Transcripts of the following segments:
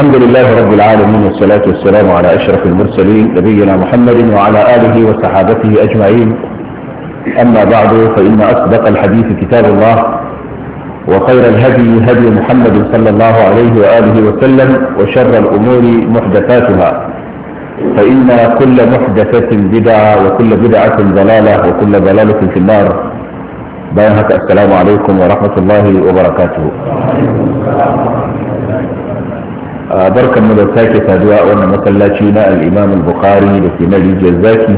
الحمد لله رب العالمين والصلاة والسلام على أشرف المرسلين نبينا محمد وعلى آله وصحابته أجمعين أما بعد فإن أصدق الحديث كتاب الله وخير الهدي هدي محمد صلى الله عليه وآله وسلم وشر الأمور محدثاتها فإن كل محدثة بدعة وكل بدعة ضلالة وكل ضلالة في النار بارك السلام عليكم ورحمة الله وبركاته barkanmu da sake saduwa a wannan masallaci na al-Imam al-Bukhari da ke na Rijiyar Zaki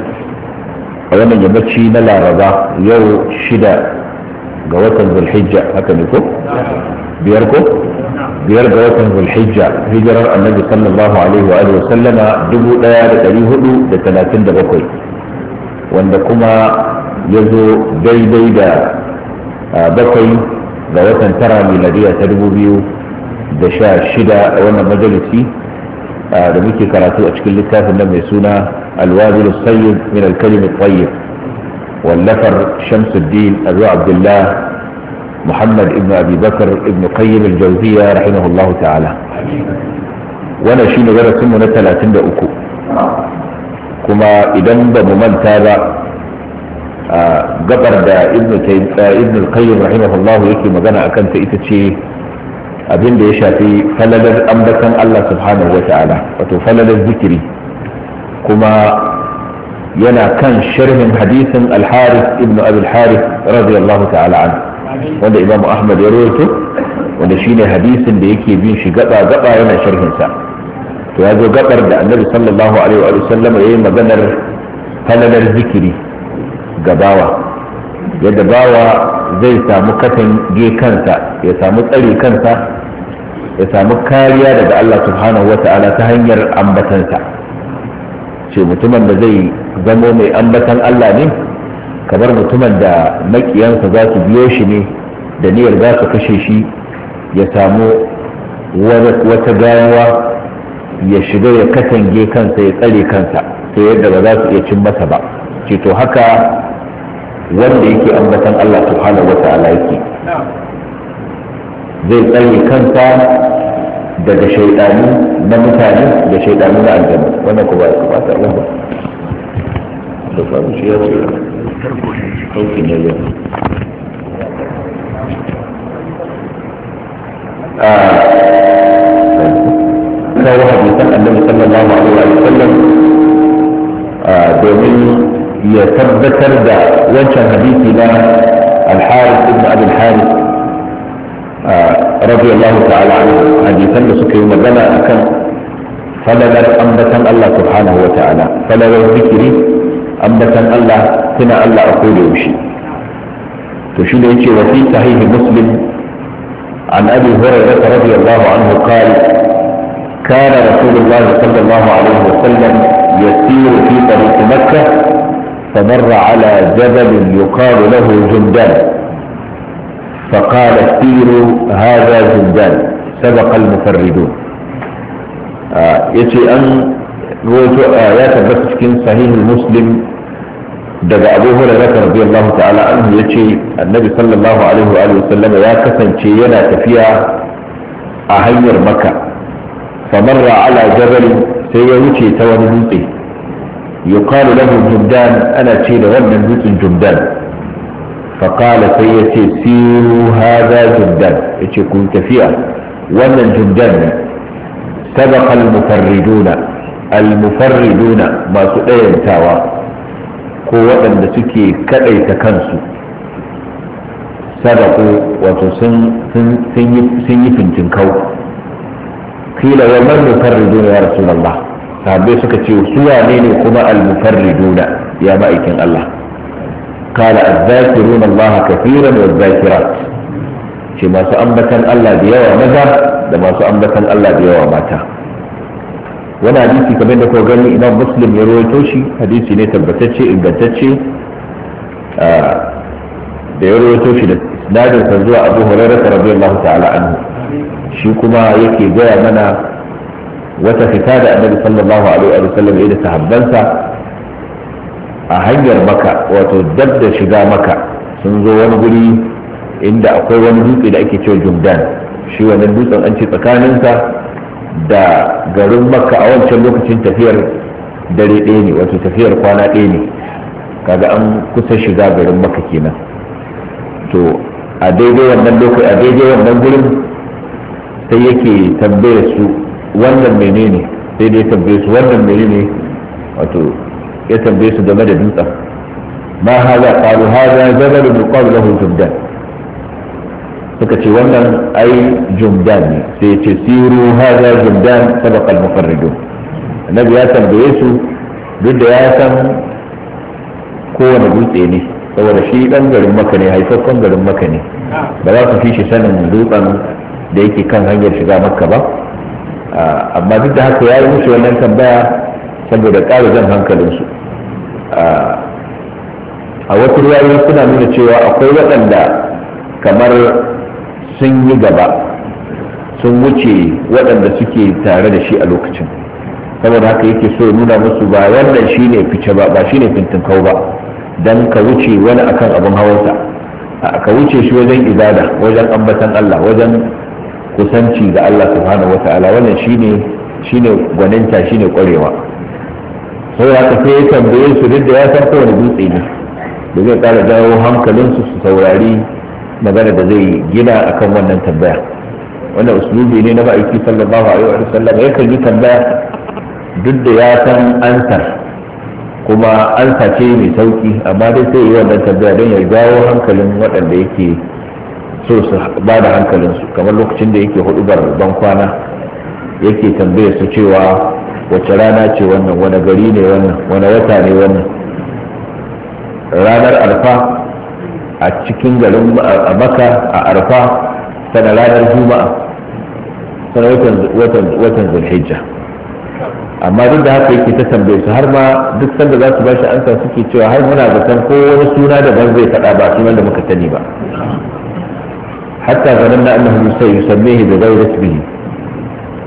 a wannan yammaci na Laraba yau shida ga watan Zulhijja haka ne ko? Biyar ko? Biyar ga watan Zulhijja hijirar Annabi sallallahu alaihi wa alihi wa sallama dubu daya da dari hudu da talatin da bakwai wanda kuma ya zo daidai da bakwai ga watan tara miladiya ta dubu biyu da sha shida a wannan majalisi da muke karatu a cikin littafin nan mai suna alwazilu sayyid min alkalimi tsayyib wallafar shamsuddin abu abdullah muhammad ibn abi bakar ibn qayyim al-jawziya rahimahullahu ta'ala wannan shine garasin mu na 33 kuma idan ba mu manta ba gabar da ibn qayyim rahimahullahu yake magana akan ta ita ce abin da ya shafi falalar ambatan Allah subhanahu wa ta'ala wato falalar zikiri kuma yana kan sharhin hadisin alharis ibnu ibn abi harith radiyallahu ta'ala an wanda imam ahmad ya rawaito wanda shine hadisin da yake bin shi gaba gaba yana sharhin sa to ya zo gabar da annabi sallallahu alaihi wa sallam yayi maganar falalar zikiri ga bawa yadda bawa zai samu katan ge kansa ya samu tsare kansa ya samu kariya daga Allah subhanahu wata'ala ta hanyar ambatansa ce mutumin da zai zamo mai ambatan Allah ne kamar mutumin da makiyansa za su biyo shi ne da niyyar za su kashe shi ya samu wata gawa ya shiga ya katange kansa ya tsare kansa sai yadda ba za su iya cin masa ba ce to haka wanda yake ambatan Allah subhanahu wata'ala yake zai tsaye kanta daga shaidani na mutane da shaidani na aljanna wannan ku ba ku fata ta Allah da faru shi ya ce sauki ne yau a kawo hadisan annabi sallallahu alaihi wa sallam domin ya tabbatar da wancan hadisi na al-harith ibn abd al آه، رضي الله تعالى عنه حديثا لسكي مدنا أكن فلذا أمدة الله سبحانه وتعالى فلذا ذكري أمدة الله كنا الله أقول يمشي تشيل إيشي وفي صحيح مسلم عن أبي هريرة رضي الله عنه قال كان رسول الله صلى الله عليه وسلم يسير في طريق مكة فمر على جبل يقال له جندان فقال سيروا هذا زندان سبق المفردون يتي أن ya tabbata cikin sahihul muslim daga abu hurairah radiyallahu ta'ala anhu yace annabi sallallahu alaihi wa alihi ya kasance yana tafiya a hanyar makka famarra ala jabal sai ya wuce ta wani dutse yuqalu lahu jumdan ana ce da wannan dutsen jumdan faƙala sai ya ce siru haza juddan ya ce kun tafiya wannan juddan ne sabaka almufarriduna almufarriduna masu ɗayantawa ko waɗanda suke kaɗaita kansu sadaku wato sun yi fintin kau kila wa man mufarriduna ya rasulullah sahabbai suka ce su wane ne kuma almufarriduna ya ma'aikin Allah قال الذاكرون الله كثيرا والذاكرات ce masu ambatan Allah da yawa maza da masu ambatan Allah da yawa mata wani hadisi kamar da kuka gani imam muslim ya rawaito shi hadisi ne tabbatacce ingantacce da ya shi da isnadin zuwa abu hurairah radiyallahu ta'ala anhu shi kuma yake gaya mana wata fita da annabi sallallahu alaihi wa sallam ya da a hanyar maka wato dab da shiga maka sun zo wani guri inda akwai wani dutse da ake cewa jumdan shi wannan dutsen an ce tsakaninsa da garin maka a wancan lokacin tafiyar dare ɗaya ne wato tafiyar kwana ɗaya ne kaga an kusa shiga garin maka kenan to a daidai wannan lokaci a daidai wannan gurin sai yake tambaye su wannan menene sai dai tambaye su wannan menene wato ya tambaye su game da dutsen ma haza qalu haza jabalun yuqalu lahu jumdan suka ce wannan ai jumdan ne sai ya ce siru haza jumdan sabaqa al-mufarridun annabi ya tambaye su duk da ya san kowane dutse ne saboda shi dan garin maka ne haifaffen garin maka ne ba za su fi shi sanin dutsen da yake kan hanyar shiga makka ba ah, amma duk da haka ya yi musu wannan tambaya saboda ƙara jan hankalinsu a wasu ruwayi suna nuna cewa akwai waɗanda kamar sun yi gaba sun wuce waɗanda suke tare da shi a lokacin saboda haka yake so nuna musu ba wannan shi ne fice ba ba shi ne fintinkau ba don ka wuce wani akan abin hawansa ka wuce shi wajen ibada wajen ambatan Allah wajen kusanci ga Allah subhanahu wa ta'ala wannan shi ne gwaninta shi ne kwarewa sai ya kafa ya tambaye su duk da ya san kowane dutse ne da zai kara jawo hankalinsu su saurari magana da zai gina akan wannan tambaya wannan usulubi ne na ma'aiki sallallahu alaihi wa sallam kan yi tambaya duk da ya san ansar kuma ansa ce mai sauki amma dai sai yi wannan tambaya don ya jawo hankalin waɗanda yake so su ba da hankalinsu kamar lokacin da yake hudubar ban kwana yake tambaya su cewa wace rana ce wannan wani gari ne wannan wani wata ne wannan ranar arfa a cikin garin a maka a arfa sana ranar juma'a sana watan zulhijja amma duk da haka yake ta tambaye su har ma duk sanda za su ba shi ansa suke cewa har muna zaton ko wani suna da ban zai faɗa ba sunan da muka tani ba hatta zananna annahu sai yusammihi bi ghayri ismihi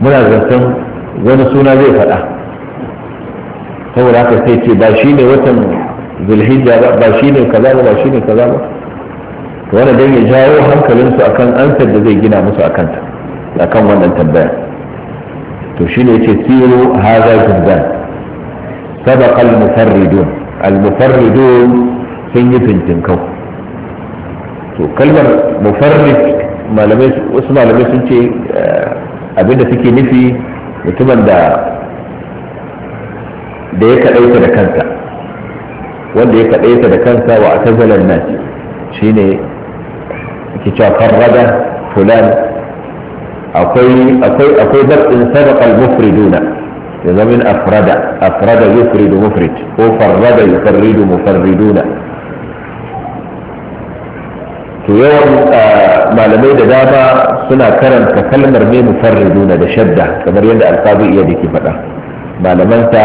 muna zaton wani suna zai faɗa saboda haka sai ce ba shi ne watan zulhijja ba ba shi ne kaza ba ba shi ne kaza ba wani dan ya jawo hankalinsu kan ansar da zai gina musu a kanta a kan wannan tambaya to shi ne ce siro haza zindan sabaqa al-mufarridun al-mufarridun sun yi fintinkau to kalmar mufarrid malamai wasu malamai sun ce eh, abinda suke nufi mutumin da da ya kaɗaita da kansa wanda ya kaɗaita da kansa wa aka zalar nan shi ne kicafar rada fulan akwai zaɓin sadakar mufriduna ya zama afrada afrada yufridu mufrid ko farrada yufridu mufarriduna to yawan ah, malamai da dama suna karanta kalmar ne mufarriduna da shadda kamar yadda alfazu iya da ke faɗa malamanta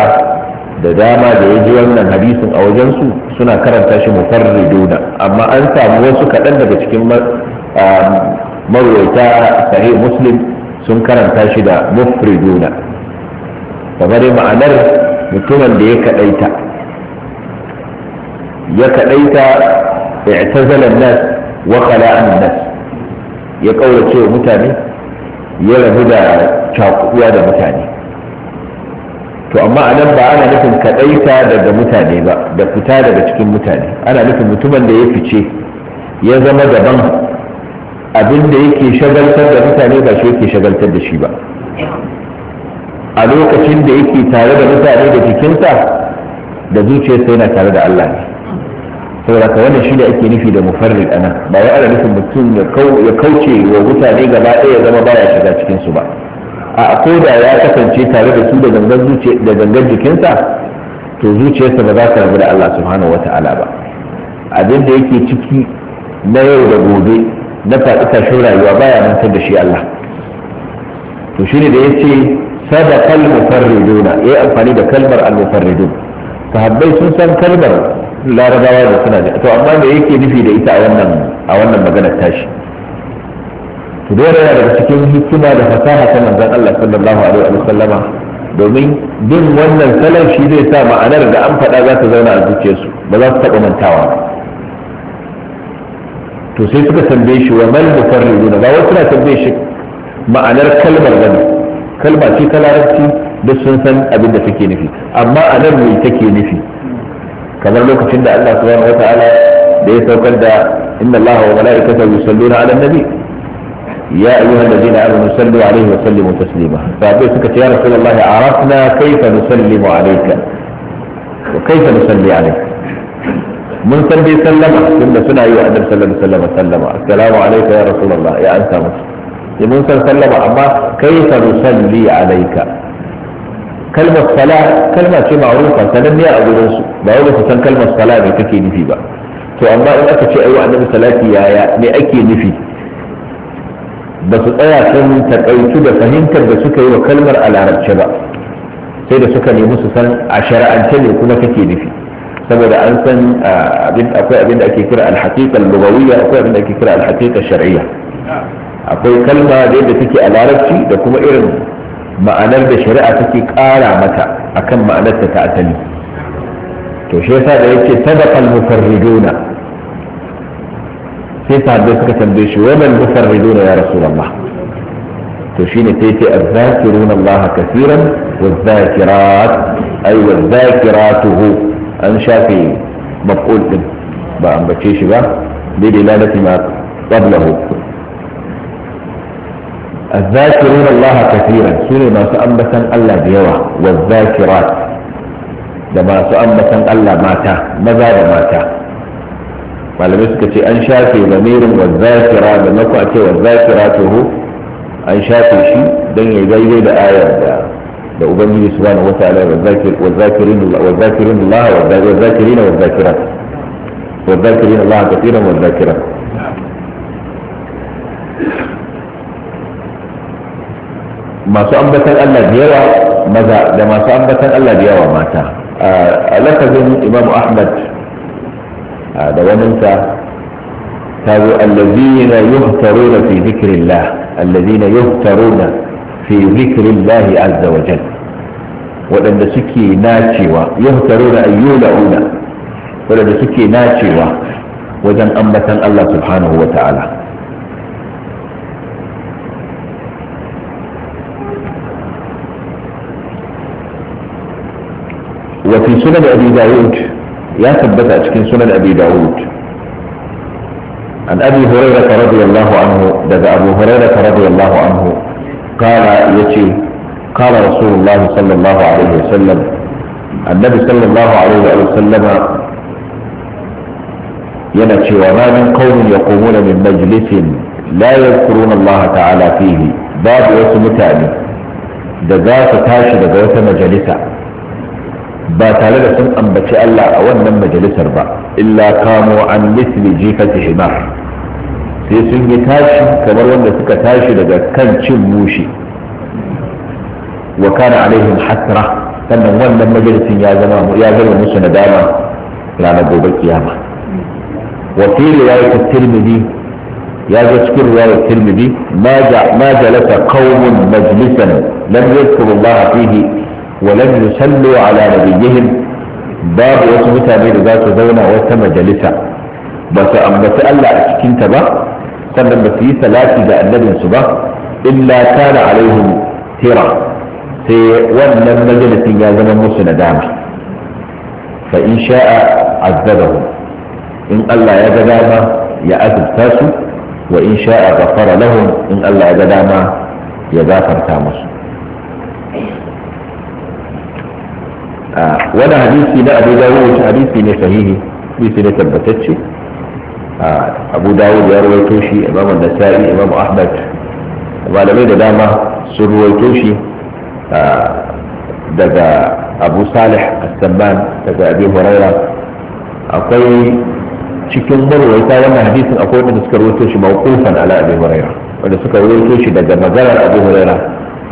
da dama da ya ji wannan hadisin a wajensu suna karanta shi mufarriduna amma an samu wasu kaɗan daga cikin ah, marwaita sahih muslim sun karanta shi da mufriduna kamar ma'anar mutumin da ya kaɗaita ya kaɗaita i'tazala nas wa khala'an nas ya kaurace wa mutane ya rabu da cakuwa da mutane to amma a nan ba ana nufin kaɗaita daga mutane ba da fita daga cikin mutane ana nufin mutumin da ya fice ya zama daban abin da yake shagaltar da mutane ba shi yake shagaltar da shi ba a lokacin da yake tare da mutane da jikinsa da zuciyarsa yana tare da Allah ne saboda ka wannan shi da ake nufi da mufarrid ana ba wai ana nufin mutum ya kauce wa mutane gaba ɗaya zama baya shiga cikin su ba a da ya kasance tare da su da gangan da gangan jikinsa to zuciyarsa ba za ta rabu da Allah subhanahu wata'ala ba abin da yake ciki na yau da gobe na faɗi tashin rayuwa baya mantar da shi Allah to ne da ce sadaqal mufarriduna yayi amfani da kalmar al mufarridun sahabbai sun san kalmar larabawa da suna to amma me yake nufi da ita a wannan a wannan maganar tashi to dole yana daga cikin hikima da fasaha ta manzon Allah sallallahu alaihi wa sallama domin bin wannan salon shi zai sa ma'anar da an faɗa za ta zauna a zuciyarsu ba za su taɓa mantawa to sai suka tambaye shi wa man mufarriduna ba wasu na tambaye shi ma'anar kalmar bane kalma ce ta larabci duk sun san abin da take nufi amma a nan me take nufi كما لو كنت الله سبحانه وتعالى ليس إن الله وملائكته يصلون على النبي يا أيها الذين آمنوا صلوا عليه وسلموا تسليما فأبيتك يا رسول الله عرفنا كيف نسلم عليك وكيف نصلي عليك من سلبي سلم ثم سنة أيها النبي صلى الله عليه وسلم السلام عليك يا رسول الله يا أنت مسلم من سلم أما كيف نصلي عليك كلمة صلاة كلمة معروفة سلم يا أبو رسول ba wai su san kalmar sala ne kake nufi ba to amma in aka ce aiwa annabi salati yaya me ake nufi ba su tsaya sun takaitu da fahimtar da suka yi wa kalmar a larabce ba sai da suka nemi su san a shari'ance ne kuma kake nufi saboda an san akwai abin da ake kira alhaqiqa lugawiyya akwai abin da ake kira alhaqiqa shar'iyya akwai kalma da yadda take a larabci da kuma irin ma'anar da shari'a take ƙara mata akan ma'anar ta asali to shi yasa da yake sadaqa al-mufarriduna sai sahabbai suka tambaye shi wa man mufarriduna ya rasulullah to shine sai ce az Allah kaseeran wa zakirat ay wa zakiratuhu an shafi maqul din ba an bace shi ba bi dilalati ma qablahu Allah الذاكرون الله كثيرا ambatan Allah da yawa wa zakirat da masu ambatan Allah mata maza da mata malamai suka ce an shafe zamirin wazzakira da mako a ce wazzakira toho an shafe shi don ya daidai da ayar da da ubangiji subhanahu wataala wazzakirin wazzakirin Allah wazzakirin wazzakirat wazzakirin Allah kathiran wazzakirat masu ambatan Allah da yawa maza da masu ambatan Allah da yawa mata a lafazin imamu ahmad da waninsa ta zo allazina yuhtaruna fi zikrillah allazina yuhtaruna fi zikrillah azza wa jal waɗanda suke nacewa yuhtaruna ayyula'una waɗanda suke nacewa wajen ambatan Allah subhanahu wa ta'ala وفي سنن أبي داود يا ثبت أشكين سنن أبي داود عن أبي هريرة رضي الله عنه دقى أبو هريرة رضي الله عنه قال يتي قال رسول الله صلى الله عليه وسلم النبي صلى الله عليه وسلم ينتي وما من قوم يقومون من مجلس لا يذكرون الله تعالى فيه باب وسمتاني دقى فتاشي دقى مجلسه ba tare da sun ambaci Allah a wannan majalisar ba illa kamo an misli jifati himar sai sun yi tashi kamar wanda suka tashi daga kan cin mushi wa kana alaihim hasra sannan wannan majalisin ya zama ya zama musu nadama ranar gobe kiyama wa fi riwayat tirmidhi ya ga cikin riwayar tirmidhi ma jalasa qaumun majlisan lam yadhkuru Allah fihi walam yusallu ala nabiyihim babu wasu mutane da za su zauna wata majalisa ba su ambaci Allah a cikin ta ba sannan ba su yi salati ga annabinsu ba illa kana alaihim tera sai wannan majalisin ya zama musu nadama fa in sha'a azabahu in Allah ya ga dama ya azabta su wa in sha'a ghafara lahum in Allah ya ga dama ya gafarta musu wani hadisi na abu dawud hadisi ne sahihi hadisi ne tabbatacce abu dawud ya rawaito shi imam nasa'i imam ahmad malamai da dama sun rawaito shi daga abu salih as-samman daga abu huraira akwai cikin marwaita wannan hadisin akwai wanda suka rawaito shi mawqufan ala abu huraira wanda suka rawaito shi daga maganar abu huraira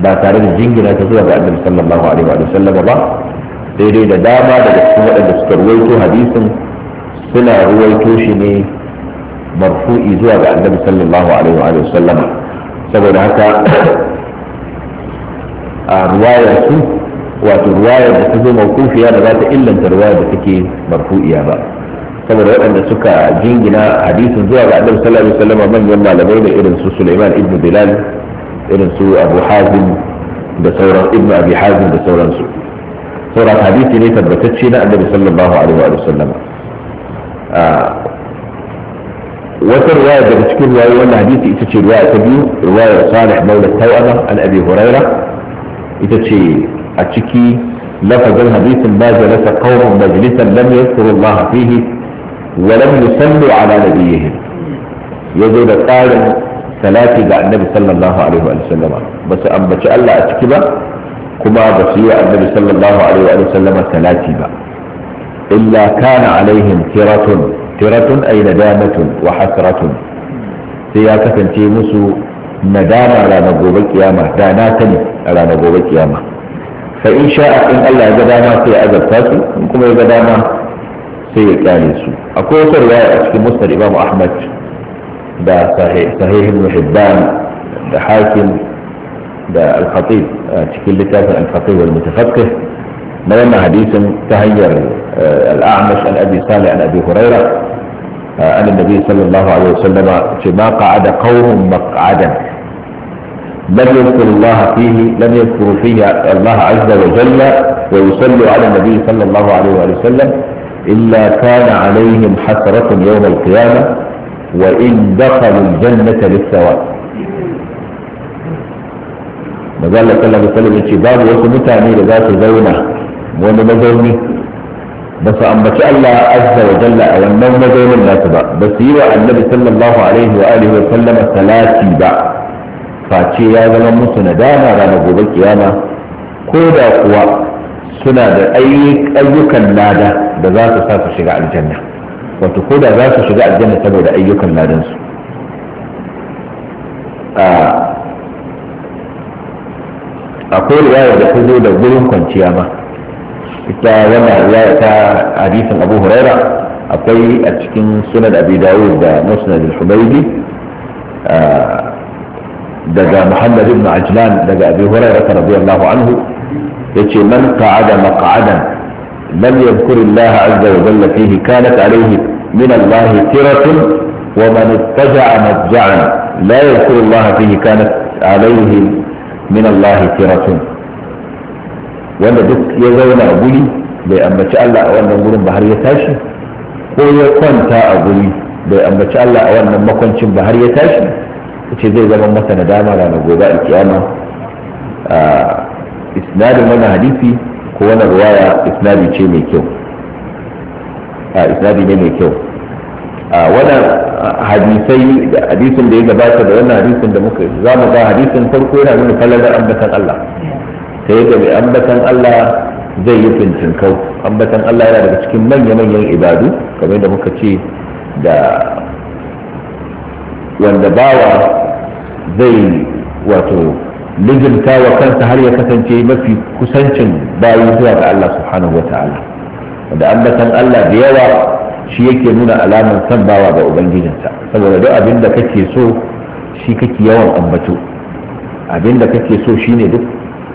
ba tare da jingina ta zuwa ga annabi sallallahu alaihi wa sallam ba Daidai da dama daga cikin waɗanda suka ruwaito hadisin suna ruwaito shi ne marfu'i zuwa ga annabi sallallahu alaihi wa sallam saboda haka a ruwayar su wato ruwayar da ta zo mawkufiya da za ta illanta ruwayar da take marfu'iya ba saboda waɗanda suka jingina hadisin zuwa ga annabi sallallahu alaihi wasallam manyan malamai da irin su Sulaiman ibn Bilal irin su Abu Hazim da sauran ibn Abi Hazim da sauransu sauran hadisi ne tabbatacce na annabi sallallahu alaihi wa sallam ah, wata riwaya daga cikin riwayoyi wannan hadisi ita ce riwaya ta biyu riwayar salih maula tawaba an abi huraira ita ce a ciki lafazin hadisin ba jalasa qaumun majlisan lam yadhkuru Allah fihi wa lam yusallu ala nabiyihim yazo da tsarin salati ga annabi sallallahu alaihi wa sallama ba su ambaci Allah a ciki ba kuma ba su yi annabi sallallahu alaihi wa sallama salati ba illa kana alaihim tiratun tiratun ay nadamatun wa hasratun sai ya kasance musu nadama ranar gobe kiyama da na ta ne a ranar gobe kiyama fa in sha'a in Allah ya ga dama sai ya azabta su in kuma ya ga dama sai ya kyale su akwai wata riwaya a cikin musnad Imam Ahmad da sahihin muhibban da Hakim ده الخطيب آه، تكل كافر الخطيب المتفكه بينما حديث تهير آه، الأعمش عن أبي صالح عن أبي هريرة آه، أن النبي صلى الله عليه وسلم ما قعد قوم مقعدا لم يذكر الله فيه لم يذكر فيه الله عز وجل ويصلي على النبي صلى الله عليه وسلم إلا كان عليهم حسرة يوم القيامة وإن دخلوا الجنة للثواب maza Allah sallallahu alaihi wasallam yace babu wasu mutane da za su zauna wani mazauni ba su ambaci Allah azza wa jalla a wannan mazaunin nasu ba ba su yi wa annabi sallallahu alaihi wa alihi wa sallam salati ba face ya zama musu nadama ranar gobe kiyama ko da kuwa suna da ayyukan lada da za su sa su shiga aljanna wato ko da za su shiga aljanna saboda ayyukan ladansu ah, akwai riwaya da ta zo da gurin kwanciya ma ita wannan riwaya ta hadisin abu huraira akwai a cikin sunan abi dawud da musnad al-humaydi daga muhammad ibn ajlan daga abi huraira radiyallahu anhu yace man qa'ada maq'adan lam yadhkur Allah azza wa jalla fihi kanat alayhi min Allah tiratun wa man ittaja'a madja'an la yadhkur Allah fihi kanat alayhi min Allah firatun wanda duk ya zauna a guri bai ambaci Allah a wannan gurin ba har ya tashi ko ya kwanta a guri bai ambaci Allah a wannan makwancin ba har ya tashi ce zai zama masa nadama ranar gobe alkiyama a isnadin wani hadisi ko wani ruwaya isnadi ce mai kyau a isnadi ne mai kyau wannan hadisai da hadisin da ya gabata da wannan hadisin da muka za mu ga hadisin farko yana nuna falalar ambatan Allah ta yadda mai ambatan Allah zai yi fintinkau ambatan Allah yana daga cikin manya-manyan ibadu kamar da muka ce da wanda bawa zai wato lijinta wa kansa har ya kasance mafi kusancin bayi zuwa ga Allah subhanahu wa ta'ala Da ambatan Allah da yawa shi yake nuna alamar san ga ubangijinsa saboda duk abin da kake so shi kake yawan ambato abin da kake so shi ne duk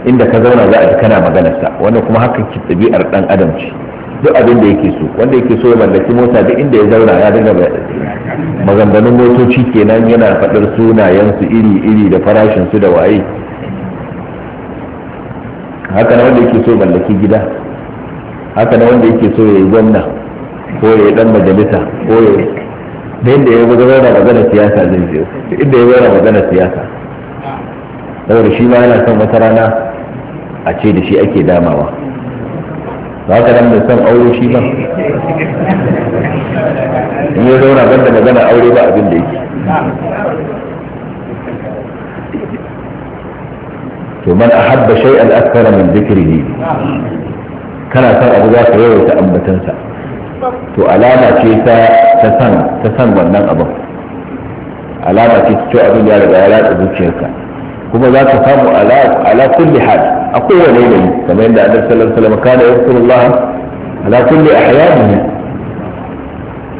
inda ka zauna za a ji kana maganarsa wanda kuma haka ki ɗabi'ar ɗan adam ce duk abin da yake so wanda yake so ya mallaki mota duk inda ya zauna ya dinga maganganun motoci kenan yana faɗar sunayensu iri-iri da farashinsu da waye haka na wanda yake so ya mallaki gida haka na wanda yake so ya yi gwamna ko ya dan majalisa ko ya da inda ya gudu yana magana siyasa zai je inda ya yana magana siyasa saboda shi ma yana son wata rana a ce da shi ake damawa za ka nan da son aure shi ba in ya zauna ban da magana aure ba abin da yake to man ahabba shay'an akthara min dhikrihi kana son abu za ka yawaita ambatansa to alama ce ta san wannan abin alama ce ta abin ya riga ya ratsa zuciyarka kuma za ka samu ala kulli hal a kowane yanayi kamar yadda annabi sallallahu alaihi wasallam kana yadhkurullah ala kulli ahyanihi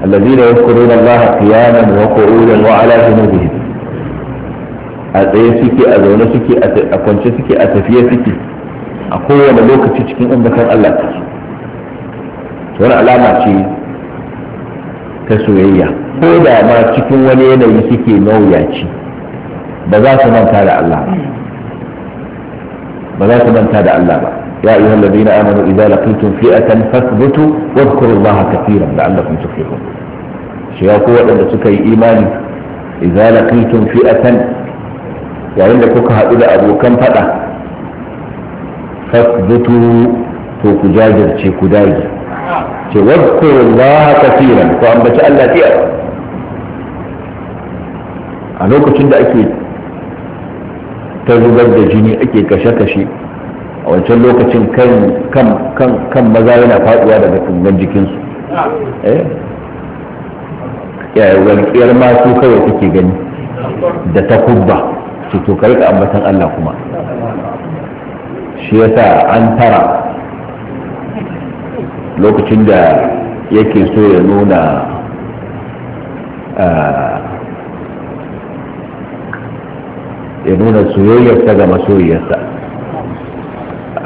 الذين يذكرون الله قياما وقعودا وعلى جنوبهم a tsaye suke a zaune suke a kwance suke a tafiye suke a kowane lokaci cikin ambatan Allah take wani alama ce ta soyayya ko da ma cikin wani yanayi suke mawuyaci ba za su manta da Allah ba za su manta da Allah ba ya ayyuha alladhina amanu idza laqitum fi'atan fathbutu wadhkuru Allaha katiran la'allakum tuflihun shi ya ko wadanda suka yi imani idza laqitum fi'atan yayin da kuka haɗu da abokan faɗa fathbutu to ku jajirce ku dage ce wadkuru Allah kafiran ko ambaci Allah fiye a lokacin da ake ta zubar da jini ake kashe-kashe a wancan lokacin kan maza yana faduwa daga tungan jikinsu eh? walƙiyar masu kawai kake gani da ta kubba su to ambatan Allah kuma shi yasa an tara lokacin da yake so ya nuna ah, ya nuna soyayyarsa ga masoyiyarsa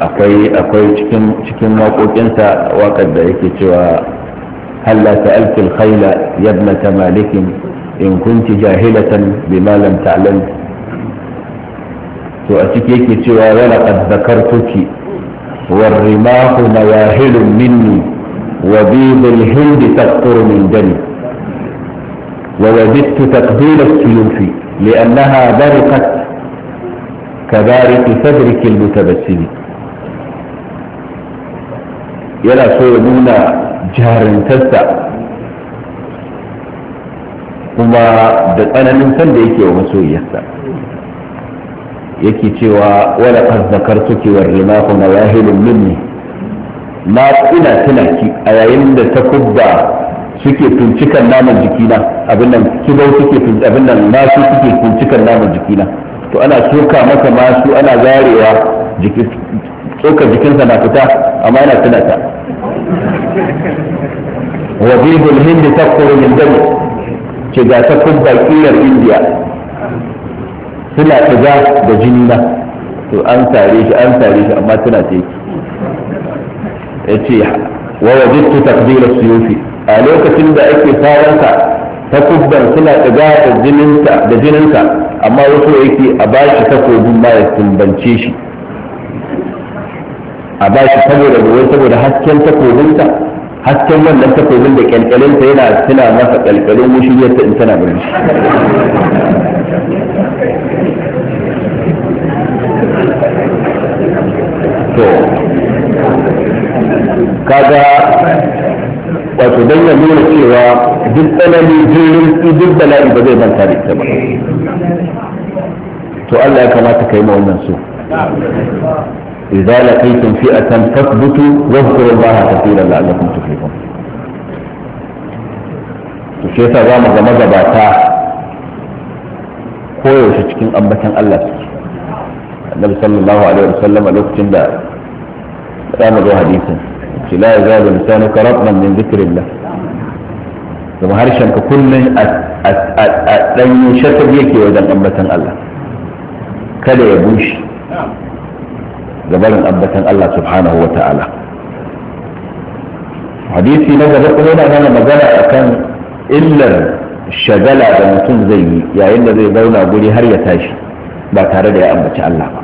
akwai akwai cikin cikin waƙoƙinsa waƙar da yake cewa halla sa'alti khaila khayla ya malikin in kunti jahilatan mai malam ta'lam to a ciki yake cewa wala qad zakartuki والرماح نواهل مني وبيض الهند تقطر من دمي ووجدت تقبيل السيوف لأنها برقت كبارق صدرك المتبسم يلا سوء جهر تسع وما بقنا من سنديك ومسوي yake yake cewa wala qad zakartuki war rimahu mawahilun minni na tuna tuna ki a yayin da ta kubba suke tuncikan naman jikina abin nan kibau suke abin nan masu suke tuncikan naman jikina to ana soka masa masu ana zarewa jiki tsokar jikinsa na fita amma yana tuna ta wajibul hindi takfuru min dami ce ga ta kubba kiyar indiya suna tuga da jini na to an tare shi an tare shi amma tana ta yi ya ce wa wajittu takbira suyufi a lokacin da ake faranta takubban suna tuga da jininka da jininka amma wasu yake a bashi takobin ma ya tumbance shi a bashi saboda gobe saboda hasken takobinta hasken wannan takobin da kyalkyalinta yana tana masa kyalkyalin mushiyarta in tana birni to kaga wato don ya nuna cewa duk tsanani jirin duk bala'i ba zai manta da ita ba to Allah ya kamata ka yi ma wannan so idza laqaytum fi'atan tathbutu wa dhkuru Allah kathiran la'allakum tuflihun to shi yasa zamu ga magabata koyaushe cikin ambatan Allah suke annabi sallallahu alaihi wasallam a lokacin da za mu zo hadisin ce la yazalu lisanuka ratban min dhikrillah kuma harshen ka kullun a danyo shatar yake wajen ambatan Allah kada ya bushe gabarin ambatan Allah subhanahu wa ta'ala hadisi na gaba kuma yana mana magana kan illar shagala da mutum zai yi yayin da zai zauna guri har ya tashi ba tare da ya ambaci Allah ba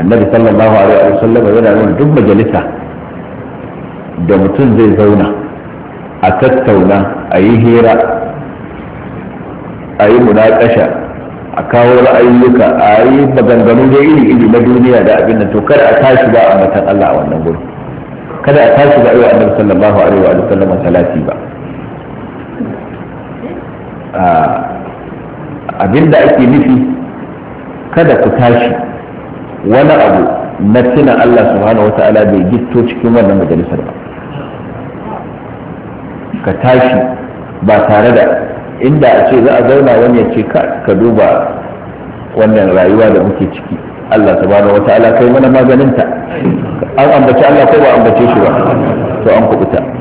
annabi sallallahu alaihi wa sallam yana nuna duk majalisa da mutum zai zauna a tattauna a yi hira a yi munakasha a kawo ra'ayyuka a yi maganganu da iri iri na duniya da abin da to kada a tashi ba a matan Allah a wannan gurin kada a tashi ba a yi annabi sallallahu alaihi wa sallam salati ba ah, abin da ake nufi kada ku tashi wani abu na tuna Allah subhanahu wata'ala bai gitto cikin wannan majalisar ba ka tashi ba tare da inda a ce za a zauna wani ya ce ka duba wannan rayuwa da muke ciki Allah subhanahu wata'ala kai mana maganinta an ambaci Allah ko ba ambace shi ba to an kubuta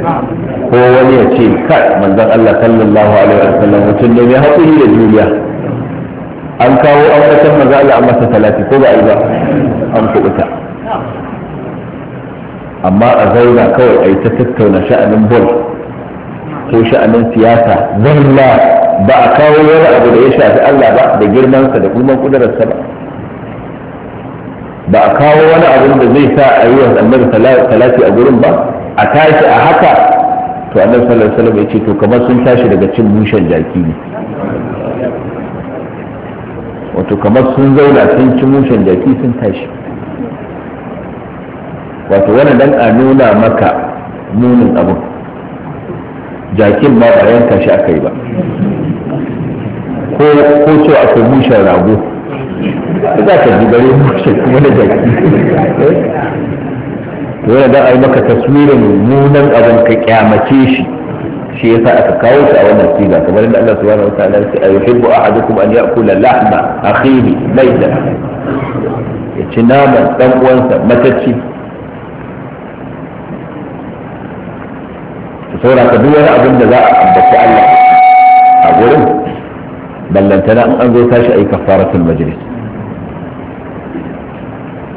ko wani ya ce kai manzon Allah sallallahu alaihi wasallam mutum ne mai hakuri da juriya an kawo an watan manzon Allah an masa talati ko ba a yi ba an kubuta amma a zauna kawai a yi ta tattauna sha'anin bol ko sha'anin siyasa zalla ba a kawo wani abu da ya shafi Allah ba da girmansa da kuma kudararsa ba ba a kawo wani abin da zai sa a yi wa annabi salati a gurin ba a tashi a haka to annabi sallallahu alaihi wasallam ya ce to kamar sun tashi daga cin mushen jaki ne wato kamar sun zauna sun ci mushen jaki sun tashi wato wani dan a nuna maka nunin abin jakin ba a yanka shi aka yi ba ko ce akwai mushen rago za ka ji gare mushen kuma da jaki wani za a yi maka taswirin munan abin ka kyamace shi shi yasa aka kawo shi a wannan siga kamar yadda Allah subhanahu wa ta'ala ya ce ayyuhibbu ahadukum an ya'kula lahma akhihi maytan ya ci naman dan uwansa matacci saura ka duk wani abin da za a ambaci Allah a gurin ballantana an zo tashi ayi kafaratul majlis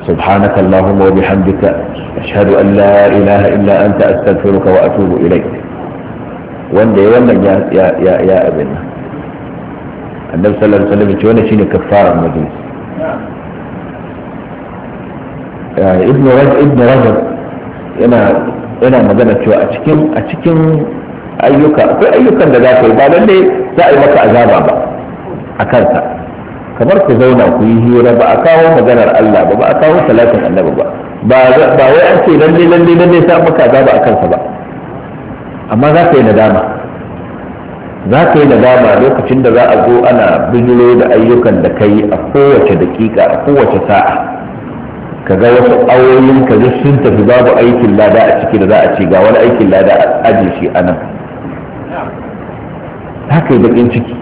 سبحانك اللهم وبحمدك أشهد أن لا إله إلا أنت أستغفرك وأتوب إليك wanda ya wannan ya abin nan annabi sallallahu alaihi wasallam ce wannan shine kaffaran majlis ibn rajab ibn rajab yana yana magana cewa a cikin a cikin ayyuka akwai ayyukan da za ka yi ba lalle za a yi maka azaba ba a kansa kamar ku zauna ku yi hira ba a kawo maganar Allah ba ba a kawo salatin annabi ba ba wai an ce lalle lalle lalle sa maka ba a kansa ba amma za ka yi nadama za ka yi nadama lokacin da za a zo ana bijiro da ayyukan da kai a kowace daƙiƙa a kowace sa'a ka ga wasu awoyin ka sun tafi babu aikin lada a ciki da za a ce ga wani aikin lada a aji shi a nan za ka yi baƙin ciki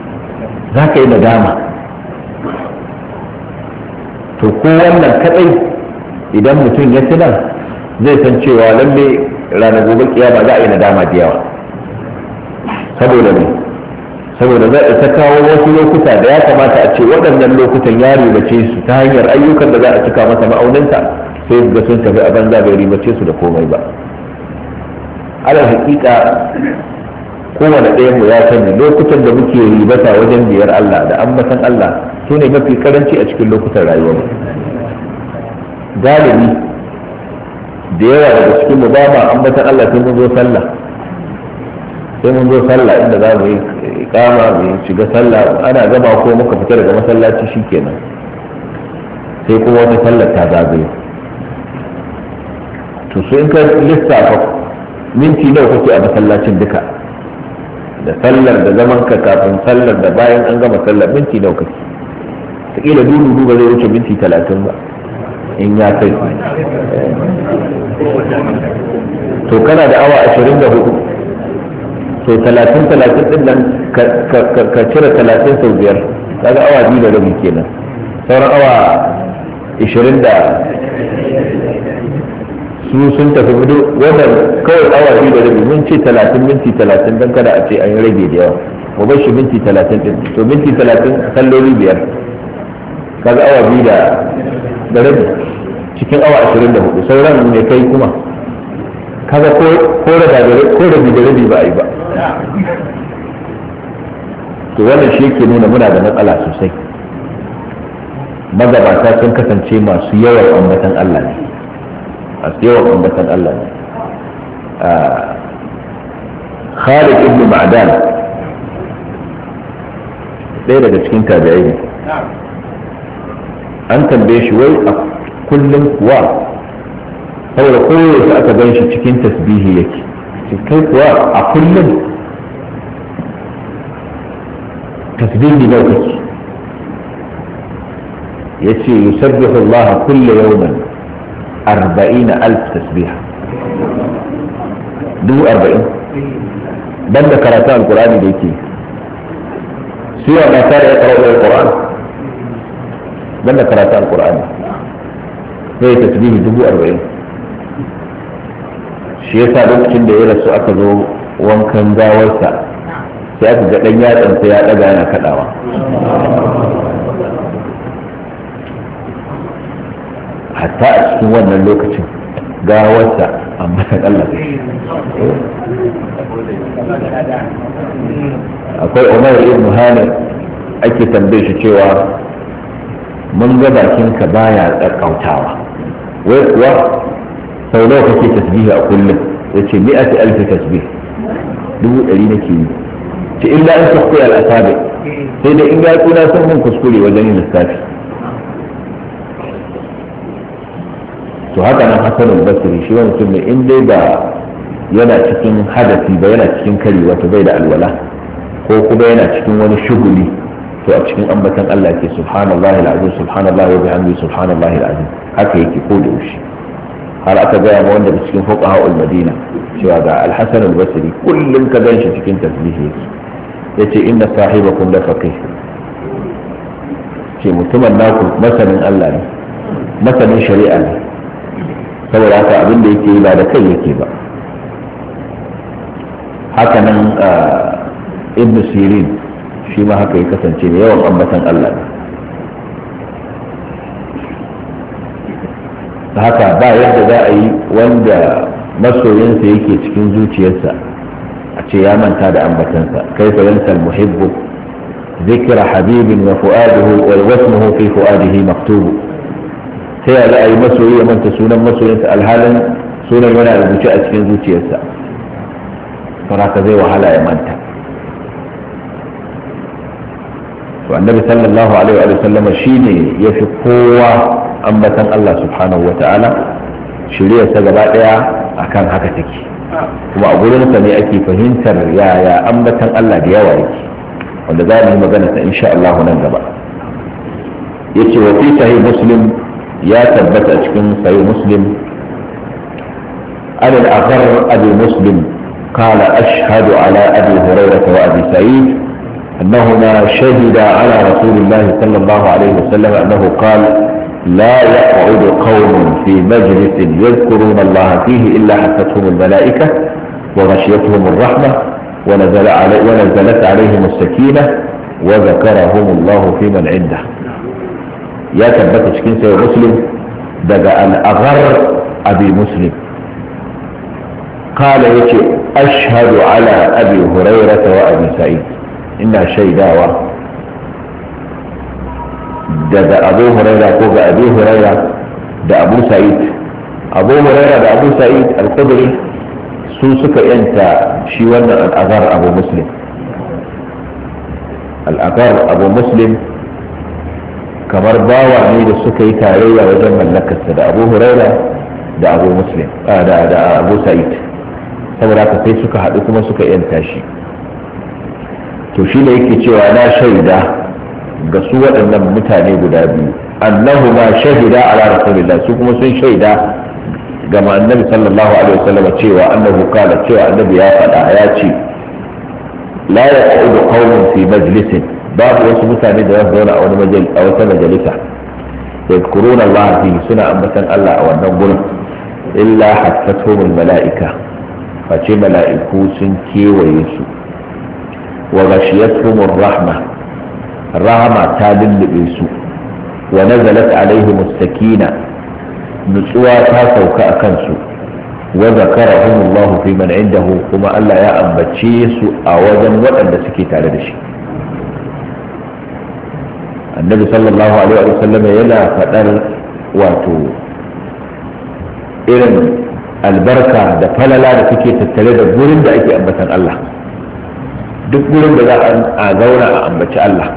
za ka yi nadama to ko wannan kadai idan mutum ya nan, zai san cewa lalle ranar gobe kiyama za a yi nadama da yawa saboda ne saboda za a ta kawo wasu lokuta da ya kamata a ce waɗannan lokutan ya ribace su ta hanyar ayyukan da za a cika masa ma'auninta sai ga sun tafi a banza bai ribace su da komai ba alal hakika kowane ɗaya mu ya sani lokutan da muke ribata wajen biyar Allah da ambatan Allah su ne mafi karanci a cikin lokutan rayuwar mu galibi da yawa daga cikin mu ba ma ambatan Allah sai mun zo sallah sai mun zo sallah inda za mu yi kama mu shiga sallah ana gama ko muka fita daga masallaci shikenan sai kuma wata sallar ta zagaye to in ka lissafa minti nawa kake a masallacin duka da sallar da zaman ka kafin sallar da bayan an gama sallar minti nawa kake da dudu duba zai wuce minti talatin ba in ya kai to kana da awa ashirin da hudu to talatin talatin din nan ka cire talatin sau biyar kaga awa biyu da rabi kenan sauran awa ashirin da su sun tafi gudu wannan kawai awa biyu da rabi minti talatin minti talatin don kada a ce an yi rage da yawa mu bar shi minti talatin din to minti talatin salloli biyar kaga awa biyu da da rabi cikin awa ashirin da hudu sauran ne kai kuma kaga ko rabi da rabi ba a yi ba to wannan shi yake nuna muna da matsala sosai magabata sun kasance masu yawan ambatan Allah ne أسيوه أمدكاً ألاً خالد ابن معدان ليلة تشكين تابعين نعم أنت البيش وي كل وار هو يقول فأتى بيش تشكين تسبيهي يكي تشكين وار أكل تسبيهي نوكي يسي يسبح الله كل يوماً arba'ina alf tasbiha dubu arba'in ban da karatun alkurani da yake suwa na tare ya karo da alkur'an ban da karatun alkur'ani tasbihi dubu arba'in shi yasa lokacin da ya rasu aka zo wankan gawarsa sai aka ga ɗan yatsansa ya ɗaga yana kaɗawa hatta a cikin wannan lokacin gawarsa amma ta Allah akwai umar ibn hanif ake tambaye shi cewa mun ga bakinka baya tsakautawa wai kuwa sau nawa kake tasbihi a kullum ya ce mi'ati alfi tasbih dubu ɗari nake yi ce illa an tafiya al'asabi sai da in ya kuna sun mun kuskure wajen yin lissafi to haka nan hasanul basri shi wani mutum ne in dai ba yana cikin hadasi ba yana cikin kari wato bai da alwala ko kuma yana cikin wani shuguli to a cikin ambatan Allah ke subhanallahi alazim subhanallahi wa bihamdihi al alazim haka yake ko da ushi har aka gaya ma wanda cikin fuqaha al-madina cewa ga al-hasan al-basri kullun ka ganshi cikin tasbihi yake yace inna sahibakum la faqih ce mutumin naku masanin Allah ne masanin shari'a ne saboda haka abin da yake ba da kai yake ba haka nan ah, ibn sirin shi ma haka ya kasance da yawan ambatan Allah ne haka ba yadda za a yi wanda masoyinsa yake cikin zuciyarsa a ce ya manta da ambatansa kai fayansa muhibbu ذكر حبيب وفؤاده والوسمه في فؤاده maktubu. ta yaya za a yi masoyi ya manta sunan masoyinsa alhalin sunan yana rubuce a cikin zuciyarsa faraka zai wahala ya manta to annabi sallallahu alaihi wa sallam shine yafi kowa ambatan Allah subhanahu wa ta'ala shirya ta gaba daya akan haka take kuma a gurin sa ne ake fahimtar yaya ambatan Allah da yawa yake wanda za mu yi magana ta insha Allah nan gaba yace wa fi sahih muslim يا ثبت أشكن في مسلم muslim الأخر أبي مسلم قال أشهد على أبي هريرة وأبي سعيد أنهما شهدا على رسول الله صلى الله عليه وسلم أنه قال لا يقعد قوم في مجلس يذكرون الله فيه إلا حفتهم الملائكة وغشيتهم الرحمة ونزل علي ونزلت عليهم السكينة وذكرهم الله في من عنده ya tabbata cikin sayar muslim daga al'agar abi muslim kala yake ashhadu ala abi huraira wa abi sa'id ina shaidawa daga abu ko ga abi huraira da abu sa'id abu da abu sa'id al-kubri su suka yanta shi wannan al'agar abu muslim al'agar abu muslim kamar bawa ne da suka yi tarayya wajen mallakarsa da abu huraira da abu muslim da abu sa'id saboda haka sai suka haɗu kuma suka yanta shi to shi ne yake cewa na shaida ga su waɗannan mutane guda biyu annahu ma shahida ala rasulillah su kuma sun shaida ga annabi sallallahu alaihi wasallam cewa annahu kala cewa annabi ya faɗa ya ce la yaqudu qaumun fi majlisin babu wasu mutane da wasu zauna a wani majalisa, a wata majalisa Allah fi suna ambatan Allah a wannan gurin illa hattatuhum malaika face mala'iku sun kewaye su wa ghashiyatuhum rahma Rahma ta lullube su wa nazalat alaihim sakina nutsuwa ta sauka a kansu wa zakarahum Allah fi man indahu kuma Allah ya ambace su a wajen waɗanda suke tare da shi annabi sallallahu alaihi wa sallam yana faɗar wato irin albarka da falala da suke tattare da gurin da ake ambatan Allah duk gurin da za a zauna a ambaci Allah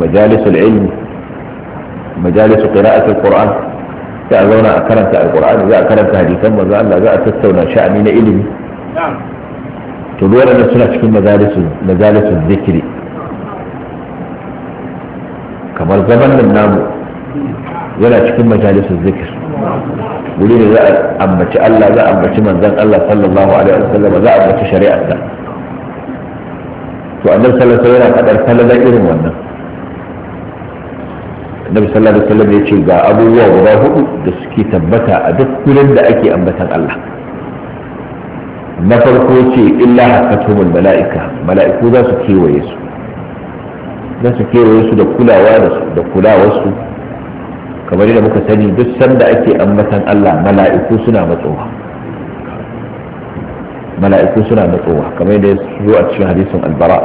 majalisul ilmi majalisul qira'atul qur'an sai a zauna a karanta alqur'ani za a karanta hadisan manzo Allah za a tattauna sha'ani na ilimi to dole ne suna cikin majalisul majalisul zikri kamar zaman nan namu yana cikin majalisar zikir wuri ne za a ambaci Allah za a ambaci manzan Allah sallallahu alaihi wasallam za a ambaci shari'arsa to annabi sallallahu alaihi wasallam yana kadar falala irin wannan annabi sallallahu alaihi wasallam ya ce ga abubuwa guda hudu da suke tabbata a duk wurin da ake ambatan Allah na farko ce illa hakatuhumul mala'ika mala'iku za su kewaye su don su kewaye su da kulawa da kulawarsu kamar yadda muka sani duk sanda ake ambatan Allah mala'iku suna matsowa mala'iku suna matsowa kamar yadda zo a cikin hadisin albara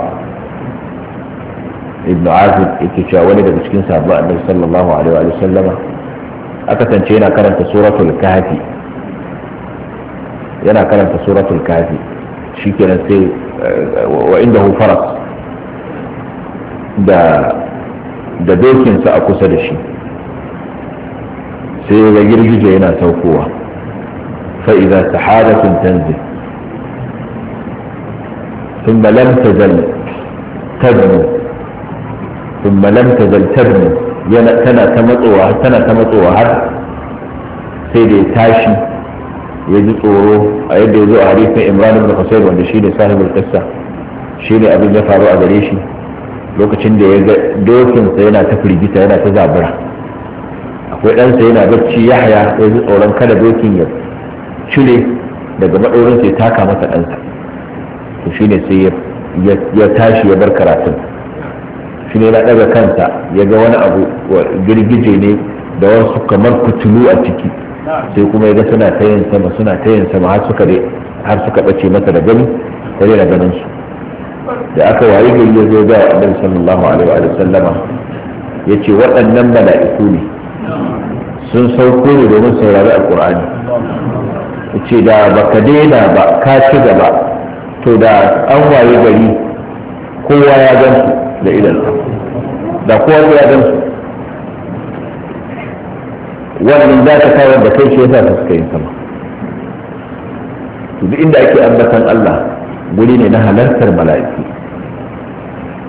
ibn azib yake cewa wani daga cikin sabu annabi sallallahu alaihi wa sallama aka tance yana karanta suratul kafi yana karanta suratul kafi shikenan sai wa indahu faras da dokinsa a kusa da shi sai ya girgije yana saukowa fa'iza ta hadatun tanzi sun malam ta zal tabnu sun malam ta zal tana ta matsowa tana ta matsowa har sai da ya tashi ya ji tsoro a yadda ya zo a harifin imran ibn husayn wanda shi ne sahibul qissa shi ne abin ya faru a gare shi lokacin da ya ga dokinsa yana ta firgita yana ta zabura akwai ɗansa yana bacci yahya ya ji tsoron kada dokin ya cire daga maɗaurinsa ya taka masa ɗansa to shine sai ya tashi ya bar karatun shi ne na ɗaga kansa ya ga wani abu girgije ne da wasu kamar kutulu a ciki sai kuma ya ga suna ta yin sama suna ta sama har suka bace masa da gani sai da ganin su da aka wayi gari zai zo ga annabi sallallahu alaihi wa sallama yace waɗannan mala'iku ne sun sauko ne domin saurari alqur'ani yace da baka daina ba ka ci gaba to da an waye gari kowa ya gansu da idansa da kowa ya gansu wannan za ta kawo da kai shi yasa ta suka yin sama duk inda ake ambatan Allah guri ne na halartar mala'iku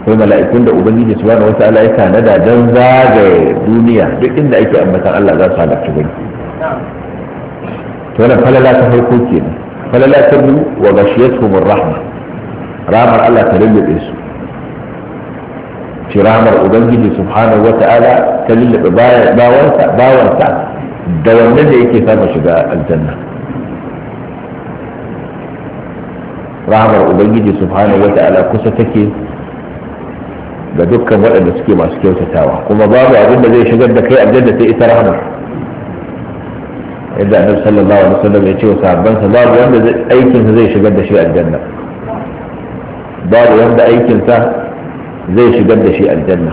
akwai mala'ikun da ubangiji su wani wasu ala'ika na da don zagaye duniya duk inda ake ambatan Allah za su halarci gani to wannan falala ta farko kenan falala ta biyu wa gashiyatuhum rahma rahmar Allah ta lullube su ci rahmar ubangiji subhanahu wa ta'ala ta lullube bawansa bawansa da wannan da yake samun shiga aljanna rahamar ubangiji subhanahu wata'ala kusa take ga dukkan waɗanda suke masu kyautatawa kuma babu abin da zai shigar da kai aljanna sai ita rahama yadda annabi sallallahu alaihi wasallam ya ce wa sahabbansa babu wanda aikin sa zai shigar da shi aljanna babu wanda aikin sa zai shigar da shi aljanna